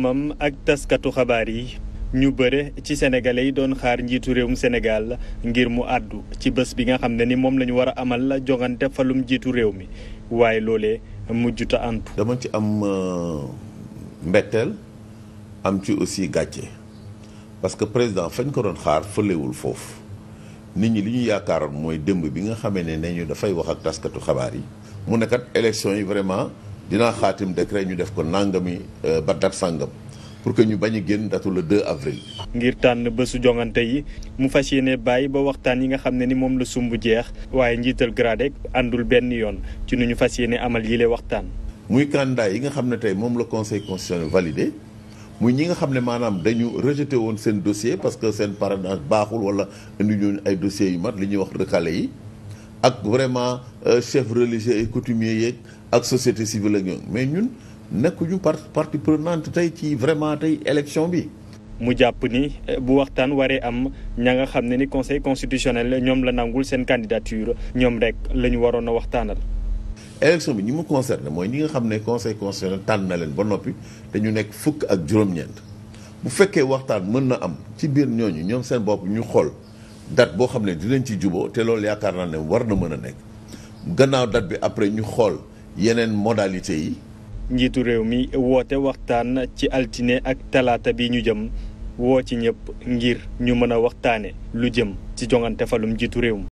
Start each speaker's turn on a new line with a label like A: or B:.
A: moom ak taskatu xabaar yi ñu bëre ci sénégalais yi doon xaar njiitu réewum Sénégal ngir mu àddu ci bés bi nga xam ne ni moom la war a amal jongante falum njiitu réew mi
B: waaye loolee mujjuta antu dama ci am euh, mbetteel am ci aussi gàcce parce que président fañ ko doon xaar fëlewul foofu nit ñi li ñu yaakaaroon mooy démb bi nga xamee ne nañu dafay wax ak taskatu xabaar yi mu nekkat élection yi vraiment dinaa xaatim décret ñu def ko nangami euh, ba dat sàngam pour que ñu bañ a génn datu le 2 avril. ngir tànn bésu jongante yi mu fas yéene
A: bàyyi ba waxtaan yi nga xam ne ni moom la sumb jeex waaye njiital GRADEC àndul benn yoon ci
B: nu ñu fas yéene amal yile waxtaan. muy candidat yi nga xam ne tey moom la conseil constitutionnel validé muy ñi nga xam ne maanaam dañu rejeté woon seen dossier parce que seen parrainage baaxul wala indi ñu ay dossiers yu mat li ñuy wax recalé yi. ak vraiment euh, chef religieux et coutumier yeeg ak société civile ak ñëw mais ñun nekkuñu par partie prenante tey ci vraiment tey élection bi. mu jàpp ni euh, bu waxtaan waree am ña nga xam ne ni
A: conseil constitutionnel ñoom la nangul seen candidature ñoom rek la ñu waroon a waxtaanal.
B: élection bi ñi mu concerné mooy ñi nga xam ne conseil constitutionnel tànn na leen ba noppi te ñu nekk fukk ak juróom-ñeent bu fekkee waxtaan mën na am ci biir ñooñu ñoom seen bopp ñu xool. date boo xam ne di dinañ ci juboo te loolu yaakaar naa ne war na mën a nekk gannaaw dat bi après ñu xool yeneen modalité yi njiitu réew mi woote waxtaan ci
A: altine ak talaata bi ñu jëm woo ci ñëpp ngir ñu mën a waxtaane lu jëm ci jongante falum njiitu réew mi